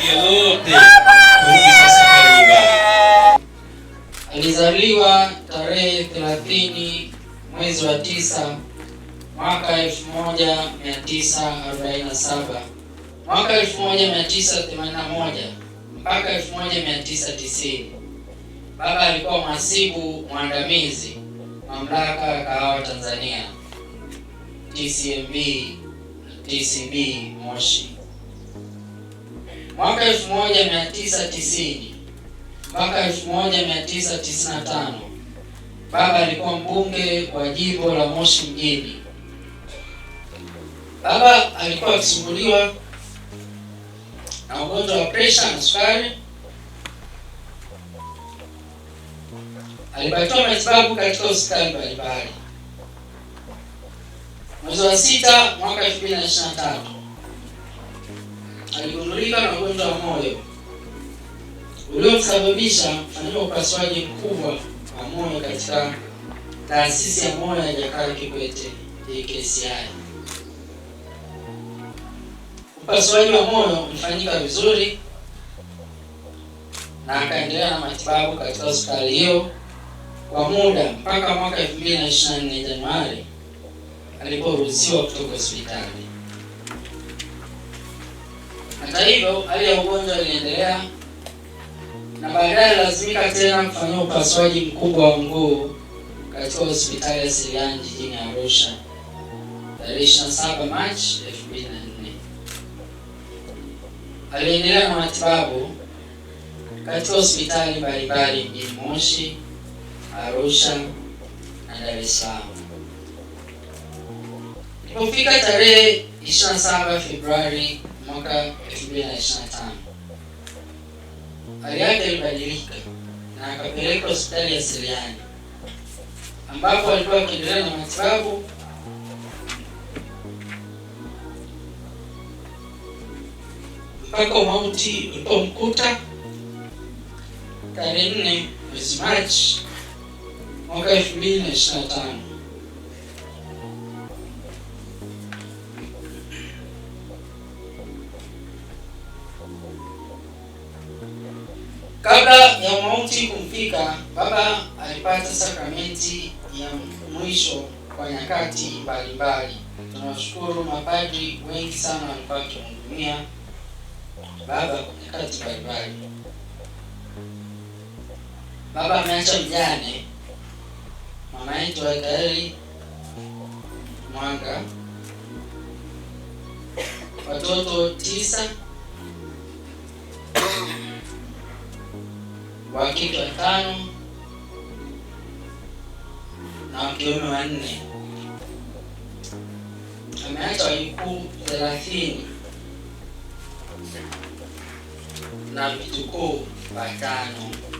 familia yote. Alizaliwa tarehe 30 mwezi wa 9 mwaka 1947. Mwaka 1981 mpaka 1990 baba alikuwa mhasibu mwandamizi mamlaka ya kahawa Tanzania TCMB TCB Moshi. Mwaka 1990 mpaka 1995 baba alikuwa mbunge wa jimbo la Moshi mjini. Baba alikuwa akisumbuliwa na ugonjwa wa presha na sukari. Alipatiwa matibabu katika hospitali mbalimbali. Mwezi wa sita mwaka tano aligundulika na ugonjwa wa moyo uliosababisha fanyiwa upasuaji mkubwa wa moyo katika taasisi ya moyo ya Jakaya Kikwete JKCI. Upasuaji wa moyo ulifanyika vizuri na akaendelea na matibabu katika hospitali hiyo kwa muda mpaka mwaka 2024 Januari aliporuhusiwa kutoka hospitali. Hata hivyo, hali ya ugonjwa iliendelea na baadaye lazimika tena kufanyiwa upasuaji mkubwa wa mguu katika hospitali ya Selian jijini Arusha tarehe 27 Machi 2024. Aliendelea na matibabu katika hospitali mbalimbali mjini Moshi, Arusha na Dar es Salaam. Ilipofika tarehe 27 Februari mwaka 2025. Hali yake ilibadilika na akapelekwa hospitali ya Seliani ambapo alikuwa akiendelea na matibabu mpaka mauti ulipomkuta tarehe 4 mwezi Machi mwaka 2025. Kabla ya mauti kumfika, Baba alipata sakramenti ya mwisho kwa nyakati mbalimbali. Tunawashukuru mapadri wengi sana walikuwa wakimhudumia Baba kwa nyakati mbalimbali. Baba ameacha mjane mama yetu Aidari Mwanga, watoto tisa wakike watano na wakiume wanne. Ameacha wajukuu thelathini na vitukuu watano.